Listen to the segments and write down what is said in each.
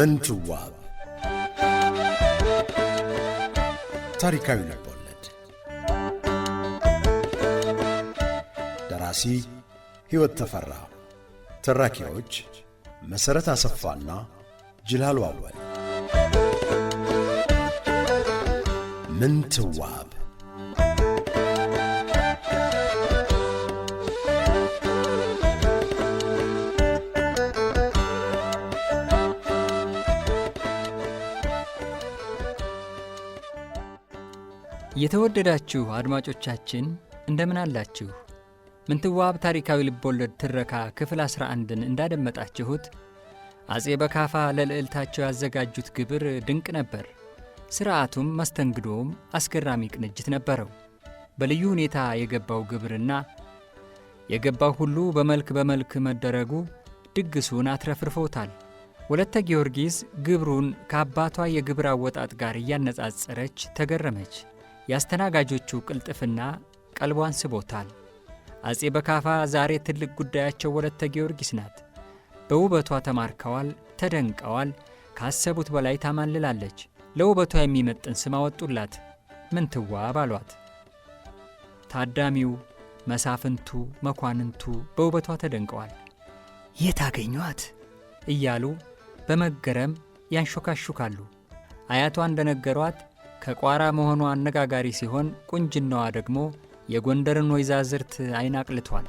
ምንትዋብ ታሪካዊ ልቦለድ ደራሲ ሕይወት ተፈራ፣ ተራኪዎች መሠረት አሰፋና ጅላሉ አወል። ምንትዋብ የተወደዳችሁ አድማጮቻችን እንደምን አላችሁ? ምንትዋብ ታሪካዊ ልቦለድ ትረካ ክፍል 11ን እንዳደመጣችሁት አጼ በካፋ ለልዕልታቸው ያዘጋጁት ግብር ድንቅ ነበር። ሥርዓቱም መስተንግዶውም አስገራሚ ቅንጅት ነበረው። በልዩ ሁኔታ የገባው ግብርና የገባው ሁሉ በመልክ በመልክ መደረጉ ድግሱን አትረፍርፎታል። ወለተ ጊዮርጊስ ግብሩን ከአባቷ የግብር አወጣጥ ጋር እያነጻጸረች ተገረመች። የአስተናጋጆቹ ቅልጥፍና ቀልቧን ስቦታል። አፄ በካፋ ዛሬ ትልቅ ጉዳያቸው ወለተ ጊዮርጊስ ናት። በውበቷ ተማርከዋል፣ ተደንቀዋል። ካሰቡት በላይ ታማልላለች። ለውበቷ የሚመጥን ስም አወጡላት፣ ምንትዋ ባሏት። ታዳሚው፣ መሳፍንቱ፣ መኳንንቱ በውበቷ ተደንቀዋል። የት አገኟት እያሉ በመገረም ያንሾካሹካሉ። አያቷ እንደነገሯት ከቋራ መሆኗ አነጋጋሪ ሲሆን ቁንጅናዋ ደግሞ የጎንደርን ወይዛዝርት አይን አቅልቷል።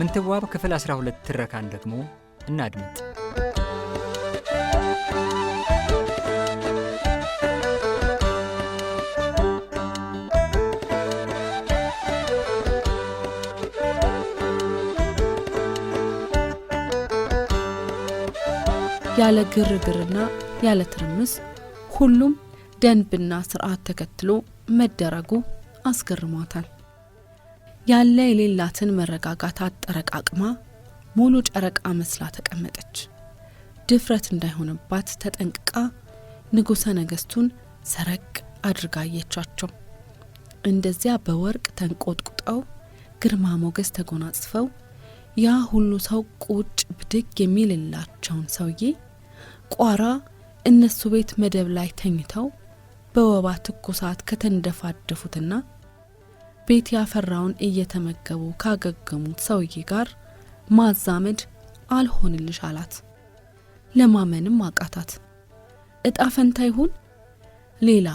ምንትዋብ ክፍል 12 ትረካን ደግሞ እናድምጥ። ያለ ግርግርና ያለ ትርምስ ሁሉም ደንብና ስርዓት ተከትሎ መደረጉ አስገርሟታል። ያለ የሌላትን መረጋጋት አጠረቃቅማ ሙሉ ጨረቃ መስላ ተቀመጠች። ድፍረት እንዳይሆንባት ተጠንቅቃ ንጉሠ ነገሥቱን ሰረቅ አድርጋ አየቻቸው። እንደዚያ በወርቅ ተንቆጥቁጠው ግርማ ሞገስ ተጎናጽፈው ያ ሁሉ ሰው ቁጭ ብድግ የሚልላቸውን ሰውዬ ቋራ እነሱ ቤት መደብ ላይ ተኝተው በወባ ትኩሳት ከተንደፋደፉትና ቤት ያፈራውን እየተመገቡ ካገገሙት ሰውዬ ጋር ማዛመድ አልሆንልሽ አላት። ለማመንም አቃታት። እጣ ፈንታ ይሁን ሌላ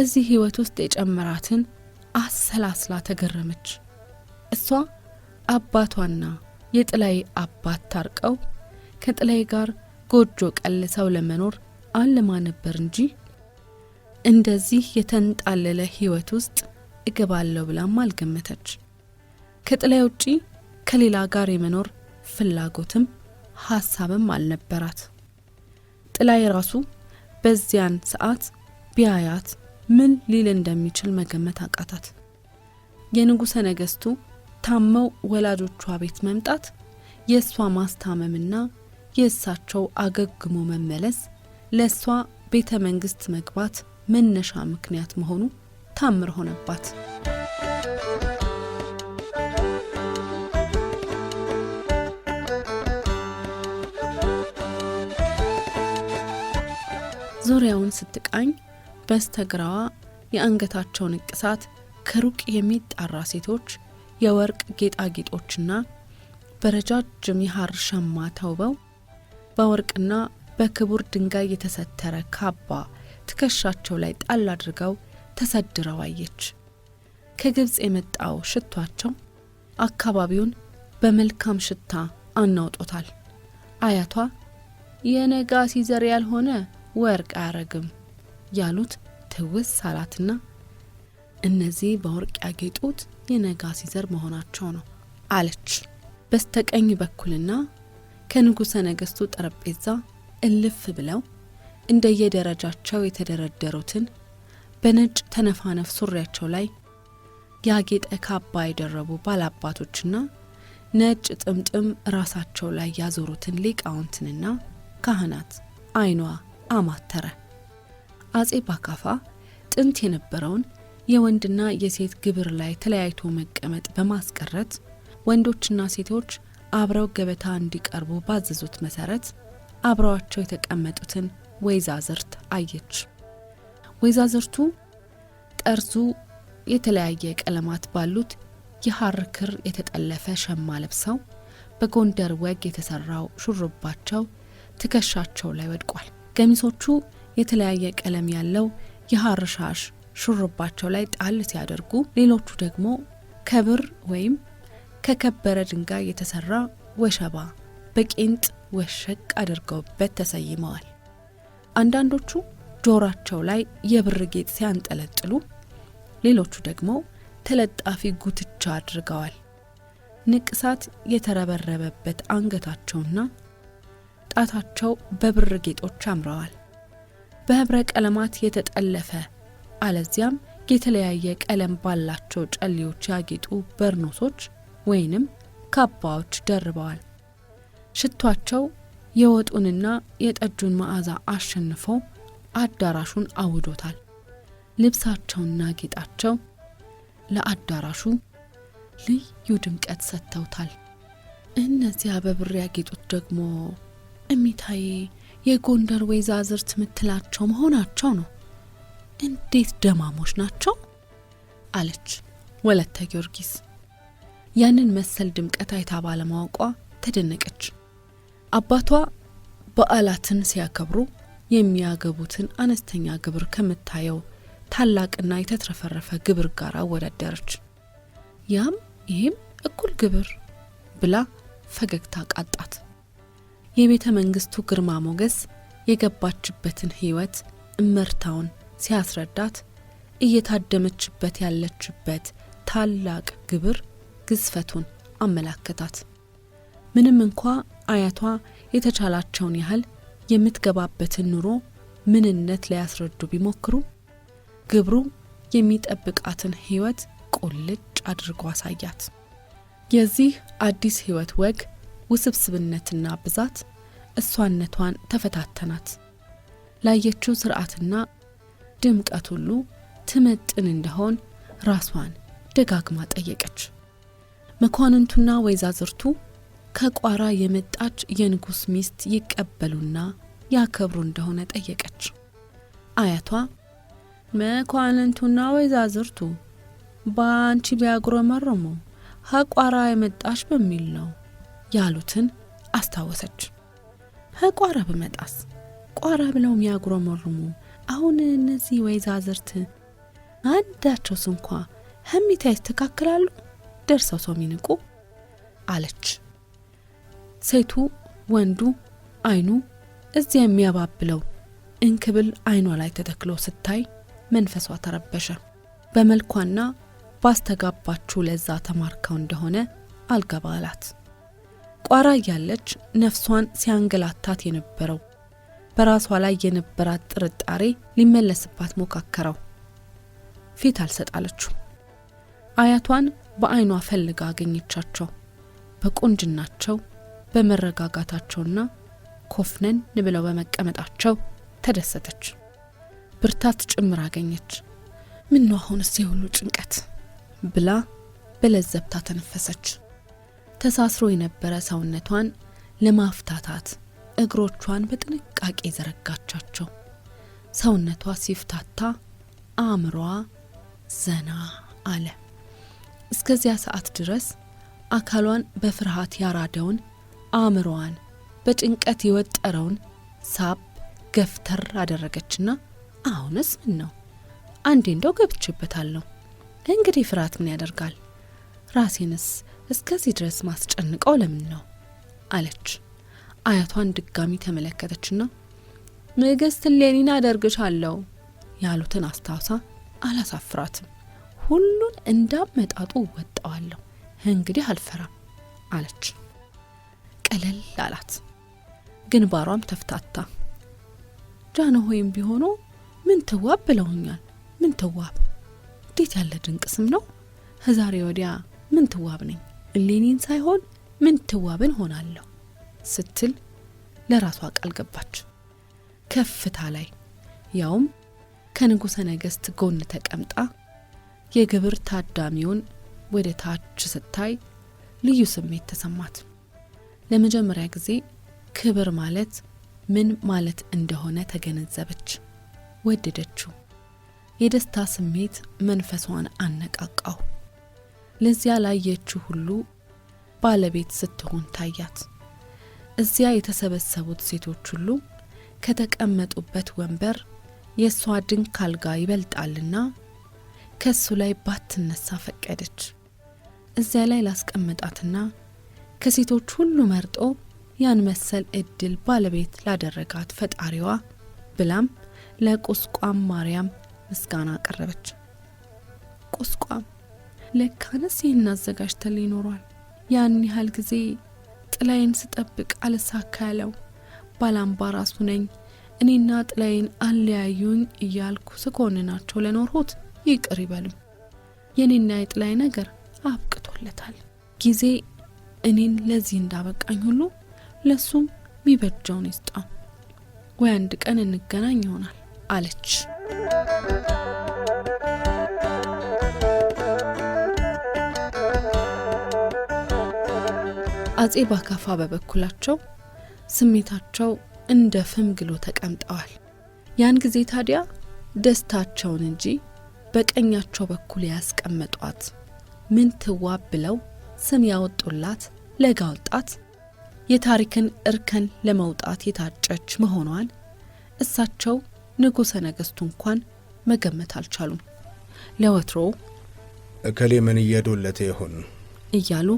እዚህ ሕይወት ውስጥ የጨመራትን አሰላስላ ተገረመች። እሷ አባቷና የጥላይ አባት ታርቀው ከጥላይ ጋር ጎጆ ቀልሰው ለመኖር አልማ ነበር እንጂ እንደዚህ የተንጣለለ ህይወት ውስጥ እገባለሁ ብላም አልገመተች። ከጥላ ውጪ ከሌላ ጋር የመኖር ፍላጎትም ሀሳብም አልነበራት። ጥላ የራሱ በዚያን ሰዓት ቢያያት ምን ሊል እንደሚችል መገመት አቃታት። የንጉሠ ነገሥቱ ታመው ወላጆቿ ቤት መምጣት የእሷ ማስታመምና የእሳቸው አገግሞ መመለስ ለእሷ ቤተ መንግስት መግባት መነሻ ምክንያት መሆኑ ታምር ሆነባት። ዙሪያውን ስትቃኝ በስተግራዋ የአንገታቸው ንቅሳት ከሩቅ የሚጣራ ሴቶች የወርቅ ጌጣጌጦችና በረጃጅም የሐር ሸማ ተውበው በወርቅና በክቡር ድንጋይ የተሰተረ ካባ ትከሻቸው ላይ ጣል አድርገው ተሰድረው አየች። ከግብፅ የመጣው ሽቷቸው አካባቢውን በመልካም ሽታ አናውጦታል። አያቷ የነጋሲ ዘር ያልሆነ ወርቅ አያረግም ያሉት ትውስ አላትና እነዚህ በወርቅ ያጌጡት የነጋሲ ዘር መሆናቸው ነው አለች። በስተቀኝ በኩልና ከንጉሠ ነገሥቱ ጠረጴዛ እልፍ ብለው እንደየደረጃቸው የተደረደሩትን በነጭ ተነፋነፍ ሱሪያቸው ላይ ያጌጠ ካባ የደረቡ ባላባቶችና ነጭ ጥምጥም ራሳቸው ላይ ያዞሩትን ሊቃውንትንና ካህናት አይኗ አማተረ። አጼ ባካፋ ጥንት የነበረውን የወንድና የሴት ግብር ላይ ተለያይቶ መቀመጥ በማስቀረት ወንዶችና ሴቶች አብረው ገበታ እንዲቀርቡ ባዘዙት መሰረት አብረዋቸው የተቀመጡትን ወይዛዝርት አየች። ወይዛዝርቱ ጠርዙ የተለያየ ቀለማት ባሉት የሐር ክር የተጠለፈ ሸማ ለብሰው በጎንደር ወግ የተሰራው ሹሩባቸው ትከሻቸው ላይ ወድቋል። ገሚሶቹ የተለያየ ቀለም ያለው የሐር ሻሽ ሹሩባቸው ላይ ጣል ሲያደርጉ፣ ሌሎቹ ደግሞ ከብር ወይም ከከበረ ድንጋይ የተሰራ ወሸባ በቄንጥ ወሸቅ አድርገውበት ተሰይመዋል። አንዳንዶቹ ጆሯቸው ላይ የብር ጌጥ ሲያንጠለጥሉ፣ ሌሎቹ ደግሞ ተለጣፊ ጉትቻ አድርገዋል። ንቅሳት የተረበረበበት አንገታቸውና ጣታቸው በብር ጌጦች አምረዋል። በህብረ ቀለማት የተጠለፈ አለዚያም የተለያየ ቀለም ባላቸው ጨሌዎች ያጌጡ በርኖሶች ወይንም ካባዎች ደርበዋል። ሽቷቸው የወጡንና የጠጁን መዓዛ አሸንፎ አዳራሹን አውዶታል። ልብሳቸውና ጌጣቸው ለአዳራሹ ልዩ ድምቀት ሰጥተውታል። እነዚያ በብር ያጌጡት ደግሞ እሚታዬ የጎንደር ወይዛዝርት ምትላቸው መሆናቸው ነው። እንዴት ደማሞች ናቸው! አለች ወለተ ጊዮርጊስ። ያንን መሰል ድምቀት አይታ ባለማወቋ ተደነቀች። አባቷ በዓላትን ሲያከብሩ የሚያገቡትን አነስተኛ ግብር ከምታየው ታላቅና የተትረፈረፈ ግብር ጋር አወዳደረች። ያም ይህም እኩል ግብር ብላ ፈገግታ ቃጣት። የቤተ መንግስቱ ግርማ ሞገስ የገባችበትን ህይወት እመርታውን ሲያስረዳት እየታደመችበት ያለችበት ታላቅ ግብር ግዝፈቱን አመላከታት። ምንም እንኳ አያቷ የተቻላቸውን ያህል የምትገባበትን ኑሮ ምንነት ሊያስረዱ ቢሞክሩ ግብሩ የሚጠብቃትን ሕይወት ቁልጭ አድርጎ አሳያት። የዚህ አዲስ ሕይወት ወግ ውስብስብነትና ብዛት እሷነቷን ተፈታተናት። ላየችው ስርዓትና ድምቀት ሁሉ ትመጥን እንደሆን ራሷን ደጋግማ ጠየቀች። መኳንንቱና ወይዛዝርቱ ከቋራ የመጣች የንጉሥ ሚስት ይቀበሉና ያከብሩ እንደሆነ ጠየቀች። አያቷ መኳንንቱና ወይዛዝርቱ በአንቺ ቢያጉረመርሙ ከቋራ የመጣች በሚል ነው ያሉትን አስታወሰች። ከቋራ ብመጣስ ቋራ ብለው የሚያጉረመርሙ አሁን እነዚህ ወይዛዝርት አንዳቸውስ እንኳ ህሚታይ ይስተካከላሉ? ደርሰው ሰው ሚንቁ አለች። ሴቱ ወንዱ አይኑ እዚያ የሚያባብለው እንክብል አይኗ ላይ ተተክሎ ስታይ መንፈሷ ተረበሸ። በመልኳና ባስተጋባችሁ ለዛ ተማርከው እንደሆነ አልገባ አላት። ቋራ እያለች ነፍሷን ሲያንገላታት የነበረው በራሷ ላይ የነበራት ጥርጣሬ ሊመለስባት ሞካከረው፣ ፊት አልሰጣለችው። አያቷን በአይኗ ፈልጋ አገኘቻቸው። በቆንጅናቸው በመረጋጋታቸውና ኮፍነን ብለው በመቀመጣቸው ተደሰተች። ብርታት ጭምር አገኘች። ምን ነው አሁንስ የሁሉ ጭንቀት ብላ በለዘብታ ተነፈሰች። ተሳስሮ የነበረ ሰውነቷን ለማፍታታት እግሮቿን በጥንቃቄ ዘረጋቻቸው። ሰውነቷ ሲፍታታ አእምሯ ዘና አለ። እስከዚያ ሰዓት ድረስ አካሏን በፍርሃት ያራደውን፣ አእምሮዋን በጭንቀት የወጠረውን ሳብ ገፍተር አደረገችና አሁንስ ምን ነው? አንዴ እንደው ገብቼበታለሁ። እንግዲህ ፍርሃት ምን ያደርጋል? ራሴንስ እስከዚህ ድረስ ማስጨንቀው ለምን ነው አለች። አያቷን ድጋሚ ተመለከተችና ንግሥት እሌኒን አደርግሻለሁ ያሉትን አስታውሳ አላሳፍራትም ሁሉን እንዳመጣጡ ወጣዋለሁ፣ እንግዲህ አልፈራም አለች። ቀለል አላት፣ ግንባሯም ተፍታታ። ጃንሆይም ቢሆኑ ምን ትዋብ ብለውኛል። ምን ትዋብ! እንዴት ያለ ድንቅ ስም ነው! ከዛሬ ወዲያ ምን ትዋብ ነኝ፣ እሌኒን ሳይሆን ምን ትዋብን ሆናለሁ ስትል ለራሷ ቃል ገባች። ከፍታ ላይ ያውም ከንጉሠ ነገሥት ጎን ተቀምጣ የግብር ታዳሚውን ወደ ታች ስታይ ልዩ ስሜት ተሰማት። ለመጀመሪያ ጊዜ ክብር ማለት ምን ማለት እንደሆነ ተገነዘበች። ወደደችው። የደስታ ስሜት መንፈሷን አነቃቃው። ለዚያ ላየችው ሁሉ ባለቤት ስትሆን ታያት። እዚያ የተሰበሰቡት ሴቶች ሁሉ ከተቀመጡበት ወንበር የእሷ ድንክ አልጋ ይበልጣልና ከእሱ ላይ ባትነሳ ፈቀደች። እዚያ ላይ ላስቀምጣትና ከሴቶች ሁሉ መርጦ ያን መሰል እድል ባለቤት ላደረጋት ፈጣሪዋ ብላም ለቁስቋም ማርያም ምስጋና አቀረበች። ቁስቋም ለካነስ ይህን አዘጋጅተል ይኖሯል። ያን ያህል ጊዜ ጥላዬን ስጠብቅ አልሳካ ያለው ራሱ ነኝ እኔና ጥላዬን አለያዩኝ እያልኩ ስኮንናቸው ለኖርሁት ይቅር ይበልም። የእኔና የጥላይ ነገር አብቅቶለታል። ጊዜ እኔን ለዚህ እንዳበቃኝ ሁሉ ለሱም ሚበጃውን ይስጣው። ወይ አንድ ቀን እንገናኝ ይሆናል አለች። አጼ ባካፋ በበኩላቸው ስሜታቸው እንደ ፍም ግሎ ተቀምጠዋል። ያን ጊዜ ታዲያ ደስታቸውን እንጂ በቀኛቸው በኩል ያስቀመጧት ምን ትዋብ ብለው ስም ያወጡላት ለጋ ወጣት የታሪክን እርከን ለመውጣት የታጨች መሆኗን እሳቸው ንጉሠ ነገሥቱ እንኳን መገመት አልቻሉም። ለወትሮ እከሌ ምን እየዶለተ ይሆን እያሉ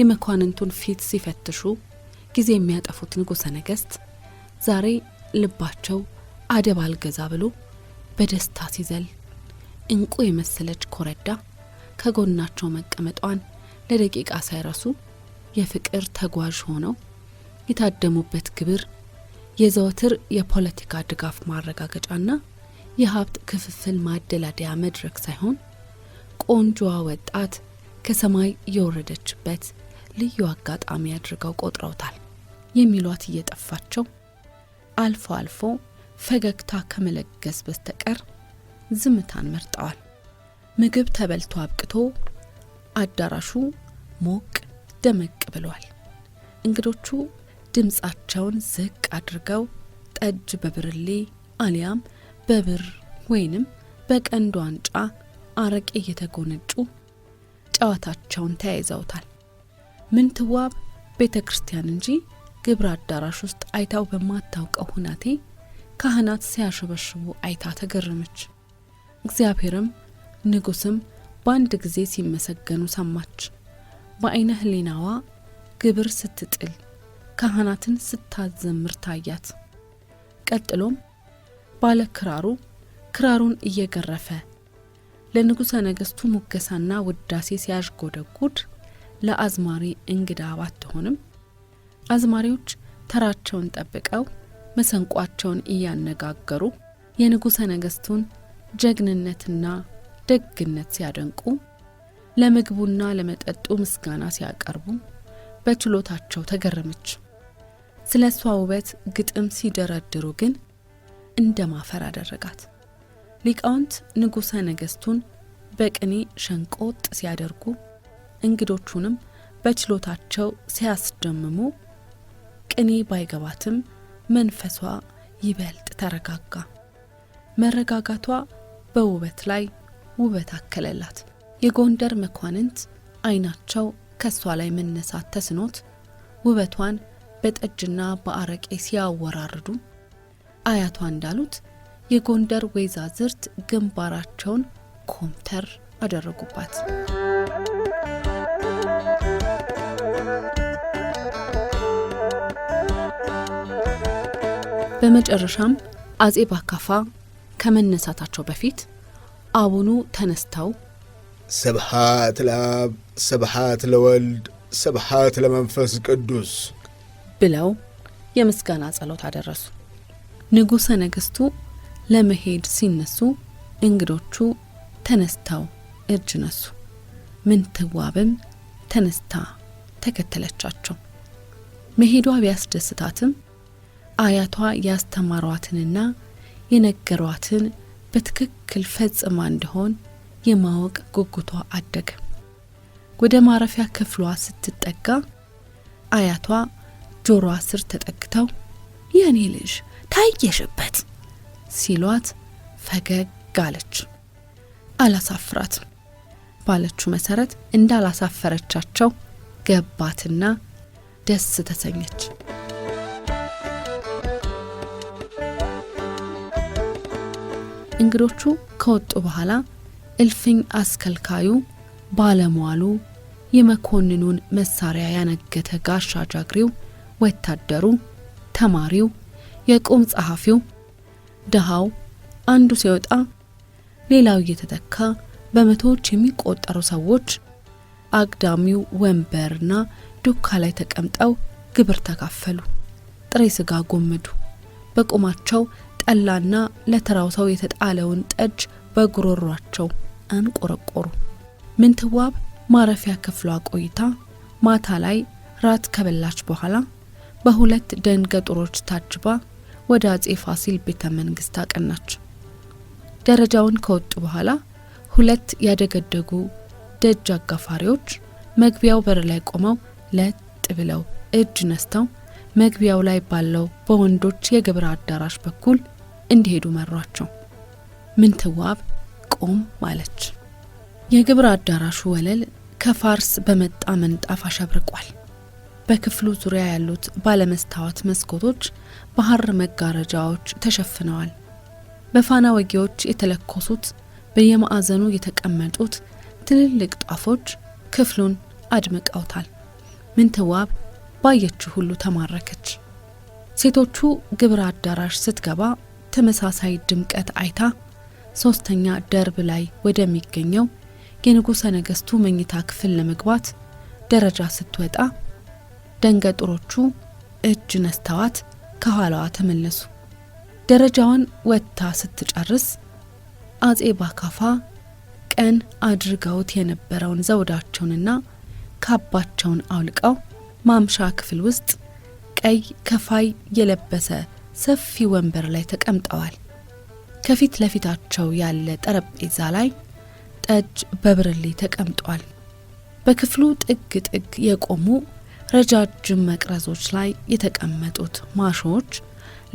የመኳንንቱን ፊት ሲፈትሹ ጊዜ የሚያጠፉት ንጉሠ ነገሥት ዛሬ ልባቸው አደብ አልገዛ ብሎ በደስታ ሲዘል እንቁ የመሰለች ኮረዳ ከጎናቸው መቀመጧን ለደቂቃ ሳይረሱ የፍቅር ተጓዥ ሆነው የታደሙበት ግብር የዘወትር የፖለቲካ ድጋፍ ማረጋገጫና የሀብት ክፍፍል ማደላደያ መድረክ ሳይሆን ቆንጆዋ ወጣት ከሰማይ የወረደችበት ልዩ አጋጣሚ አድርገው ቆጥረውታል። የሚሏት እየጠፋቸው አልፎ አልፎ ፈገግታ ከመለገስ በስተቀር ዝምታን መርጠዋል። ምግብ ተበልቶ አብቅቶ አዳራሹ ሞቅ ደመቅ ብሏል። እንግዶቹ ድምፃቸውን ዝቅ አድርገው ጠጅ በብርሌ አሊያም በብር ወይንም በቀንድ ዋንጫ አረቄ እየተጎነጩ ጨዋታቸውን ተያይዘውታል። ምንትዋብ ቤተ ክርስቲያን እንጂ ግብረ አዳራሽ ውስጥ አይታው በማታውቀው ሁናቴ ካህናት ሲያሸበሽቡ አይታ ተገረመች። እግዚአብሔርም ንጉስም በአንድ ጊዜ ሲመሰገኑ ሰማች። በዓይነ ሕሊናዋ ግብር ስትጥል ካህናትን ስታዘምር ታያት። ቀጥሎም ባለ ክራሩ ክራሩን እየገረፈ ለንጉሠ ነገሥቱ ሙገሳና ውዳሴ ሲያዥጎደጉድ ለአዝማሪ እንግዳ ባትሆንም አዝማሪዎች ተራቸውን ጠብቀው መሰንቋቸውን እያነጋገሩ የንጉሠ ነገሥቱን ጀግንነትና ደግነት ሲያደንቁ፣ ለምግቡና ለመጠጡ ምስጋና ሲያቀርቡ በችሎታቸው ተገረመች። ስለ እሷ ውበት ግጥም ሲደረድሩ ግን እንደ ማፈር አደረጋት። ሊቃውንት ንጉሠ ነገሥቱን በቅኔ ሸንቆጥ ሲያደርጉ፣ እንግዶቹንም በችሎታቸው ሲያስደምሙ ቅኔ ባይገባትም መንፈሷ ይበልጥ ተረጋጋ። መረጋጋቷ በውበት ላይ ውበት አከለላት። የጎንደር መኳንንት አይናቸው ከሷ ላይ መነሳት ተስኖት ውበቷን በጠጅና በአረቄ ሲያወራርዱ አያቷ እንዳሉት የጎንደር ወይዛዝርት ግንባራቸውን ኮምተር አደረጉባት። በመጨረሻም አጼ ባካፋ ከመነሳታቸው በፊት አቡኑ ተነስተው ስብሐት ለአብ ስብሐት ለወልድ ስብሐት ለመንፈስ ቅዱስ ብለው የምስጋና ጸሎት አደረሱ። ንጉሠ ነገሥቱ ለመሄድ ሲነሱ እንግዶቹ ተነስተው እጅ ነሱ። ምንትዋብም ተነስታ ተከተለቻቸው። መሄዷ ቢያስደስታትም አያቷ ያስተማሯትንና የነገሯትን በትክክል ፈጽማ እንደሆን የማወቅ ጉጉቷ አደገ። ወደ ማረፊያ ክፍሏ ስትጠጋ አያቷ ጆሮዋ ስር ተጠግተው የኔ ልጅ ታየሽበት ሲሏት ፈገግ አለች። አላሳፍራት ባለችው መሰረት እንዳላሳፈረቻቸው ገባትና ደስ ተሰኘች። እንግዶቹ ከወጡ በኋላ እልፍኝ አስከልካዩ ባለሟሉ የመኮንኑን መሳሪያ ያነገተ ጋሻ ጃግሬው፣ ወታደሩ፣ ተማሪው፣ የቁም ጸሐፊው፣ ድሃው አንዱ ሲወጣ ሌላው እየተተካ በመቶዎች የሚቆጠሩ ሰዎች አግዳሚው ወንበርና ዱካ ላይ ተቀምጠው ግብር ተካፈሉ። ጥሬ ስጋ ጎመዱ። በቁማቸው ጠላና ለተራው ሰው የተጣለውን ጠጅ በጉሮሯቸው አንቆረቆሩ። ምንትዋብ ማረፊያ ክፍሏ ቆይታ ማታ ላይ ራት ከበላች በኋላ በሁለት ደንገጡሮች ታጅባ ወደ አጼ ፋሲል ቤተ መንግስት አቀናች። ደረጃውን ከወጡ በኋላ ሁለት ያደገደጉ ደጅ አጋፋሪዎች መግቢያው በር ላይ ቆመው ለጥ ብለው እጅ ነስተው መግቢያው ላይ ባለው በወንዶች የግብር አዳራሽ በኩል እንዲሄዱ መሯቸው። ምንትዋብ ቆም አለች። የግብር አዳራሹ ወለል ከፋርስ በመጣ ምንጣፍ አሸብርቋል። በክፍሉ ዙሪያ ያሉት ባለመስታወት መስኮቶች በሐር መጋረጃዎች ተሸፍነዋል። በፋና ወጊዎች የተለኮሱት በየማዕዘኑ የተቀመጡት ትልልቅ ጧፎች ክፍሉን አድምቀውታል። ምንትዋብ ባየችው ሁሉ ተማረከች። ሴቶቹ ግብር አዳራሽ ስትገባ ተመሳሳይ ድምቀት አይታ ሶስተኛ ደርብ ላይ ወደሚገኘው የንጉሠ ነገሥቱ መኝታ ክፍል ለመግባት ደረጃ ስትወጣ ደንገጥሮቹ እጅ ነስተዋት ከኋላዋ ተመለሱ። ደረጃዋን ወጥታ ስትጨርስ አጼ ባካፋ ቀን አድርገውት የነበረውን ዘውዳቸውንና ካባቸውን አውልቀው ማምሻ ክፍል ውስጥ ቀይ ከፋይ የለበሰ ሰፊ ወንበር ላይ ተቀምጠዋል። ከፊት ለፊታቸው ያለ ጠረጴዛ ላይ ጠጅ በብርሌ ተቀምጧል። በክፍሉ ጥግ ጥግ የቆሙ ረጃጅም መቅረዞች ላይ የተቀመጡት ማሾዎች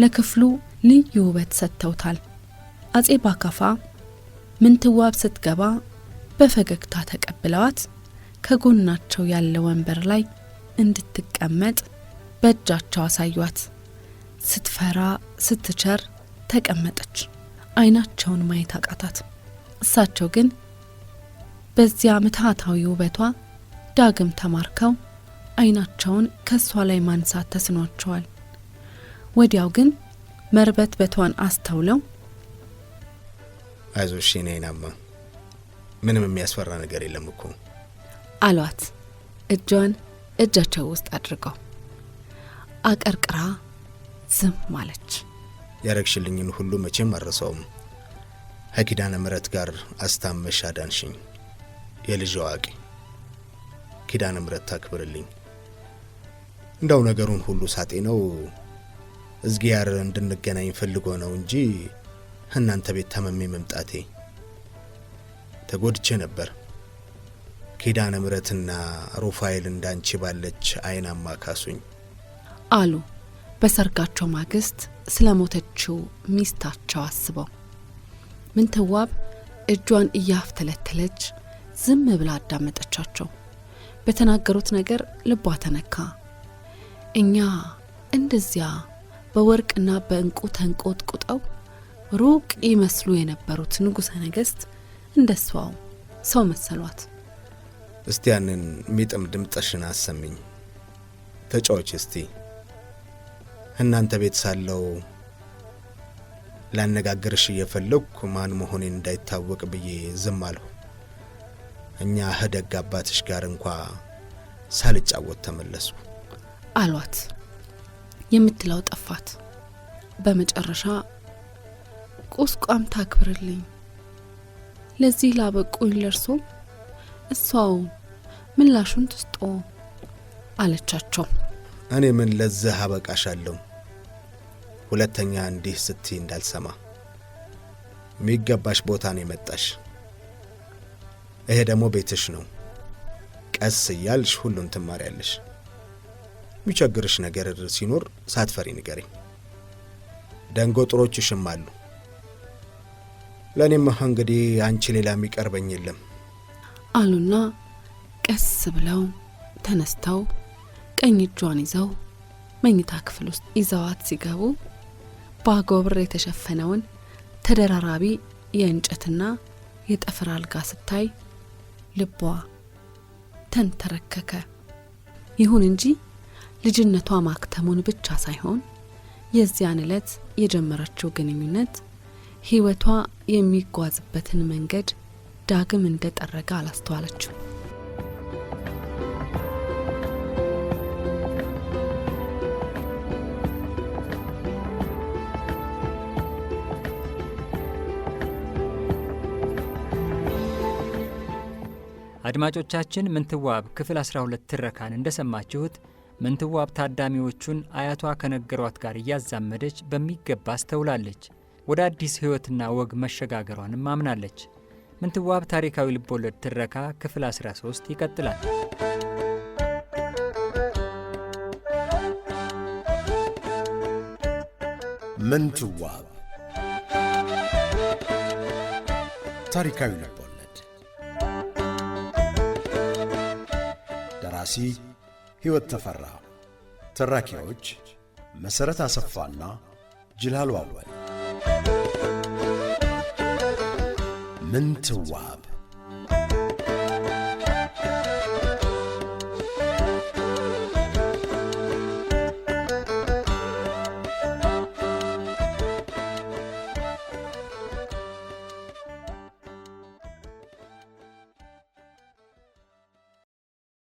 ለክፍሉ ልዩ ውበት ሰጥተውታል። አጼ ባካፋ ምንትዋብ ስትገባ በፈገግታ ተቀብለዋት ከጎናቸው ያለ ወንበር ላይ እንድትቀመጥ በእጃቸው አሳዩት። ስትፈራ ስትቸር ተቀመጠች። አይናቸውን ማየት አቃታት። እሳቸው ግን በዚያ ምትሃታዊ ውበቷ ዳግም ተማርከው አይናቸውን ከእሷ ላይ ማንሳት ተስኗቸዋል። ወዲያው ግን መርበት በቷን አስተውለው አይዞሽ ኔናማ አይናማ ምንም የሚያስፈራ ነገር የለም እኮ አሏት እጇን እጃቸው ውስጥ አድርገው አቀርቅራ ዝም አለች። ያረግሽልኝን ሁሉ መቼም አረሰውም። ከኪዳነ ምረት ጋር አስታመሽ አዳንሽኝ። የልጅ አዋቂ ኪዳነ ምረት ታክብርልኝ። እንዳው ነገሩን ሁሉ ሳጤ ነው እዝጊያር እንድንገናኝ ፈልጎ ነው እንጂ እናንተ ቤት ታመሜ መምጣቴ ተጎድቼ ነበር። ኪዳነ ምረትና ሩፋኤል እንዳንቺ ባለች አይናማ ካሱኝ አሉ። በሰርጋቸው ማግስት ስለ ሞተችው ሚስታቸው አስበው ምንትዋብ እጇን እያፍተለተለች ዝም ብላ አዳመጠቻቸው። በተናገሩት ነገር ልቧ ተነካ። እኛ እንደዚያ በወርቅና በእንቁ ተንቆጥቁጠው ሩቅ ይመስሉ የነበሩት ንጉሠ ነገሥት እንደሷው ሰው መሰሏት። እስቲ ያንን ሚጥም ድምጠሽን አሰሚኝ ተጫዎች እስቲ እናንተ ቤት ሳለው ላነጋግርሽ እየፈለግኩ ማን መሆኔን እንዳይታወቅ ብዬ ዝም አልሁ። እኛ ህደግ አባትሽ ጋር እንኳ ሳልጫወት ተመለስኩ አሏት። የምትለው ጠፋት። በመጨረሻ ቁስቋም ታክብርልኝ፣ ለዚህ ላበቁኝ ለርሶ እሷው ምላሹን ትስጦ አለቻቸው። እኔ ምን ለዚህ አበቃሻለሁ ሁለተኛ እንዲህ ስቲ እንዳልሰማ የሚገባሽ ቦታ ነው የመጣሽ። ይሄ ደግሞ ቤትሽ ነው። ቀስ እያልሽ ሁሉን ትማሪያለሽ። የሚቸግርሽ ነገር ሲኖር ሳትፈሪ ንገሪኝ። ደንጎጥሮችሽም አሉ። ለእኔማ እንግዲህ አንቺ ሌላ የሚቀርበኝ የለም አሉና ቀስ ብለው ተነስተው ቀኝ እጇን ይዘው መኝታ ክፍል ውስጥ ይዘዋት ሲገቡ በአጎብር የተሸፈነውን ተደራራቢ የእንጨትና የጠፍር አልጋ ስታይ ልቧ ተንተረከከ። ይሁን እንጂ ልጅነቷ ማክተሙን ብቻ ሳይሆን የዚያን ዕለት የጀመረችው ግንኙነት ሕይወቷ የሚጓዝበትን መንገድ ዳግም እንደጠረገ አላስተዋለችው። አድማጮቻችን ምንትዋብ ክፍል 12 ትረካን እንደሰማችሁት ምንትዋብ ታዳሚዎቹን አያቷ ከነገሯት ጋር እያዛመደች በሚገባ አስተውላለች። ወደ አዲስ ሕይወትና ወግ መሸጋገሯንም አምናለች። ምንትዋብ ታሪካዊ ልቦለድ ትረካ ክፍል 13 ይቀጥላል። ምንትዋብ ታሪካዊ ልቦለድ ደራሲ ሕይወት ተፈራ፣ ተራኪዎች መሠረት አሰፋና ጅላሉ አወል። ምንትዋብ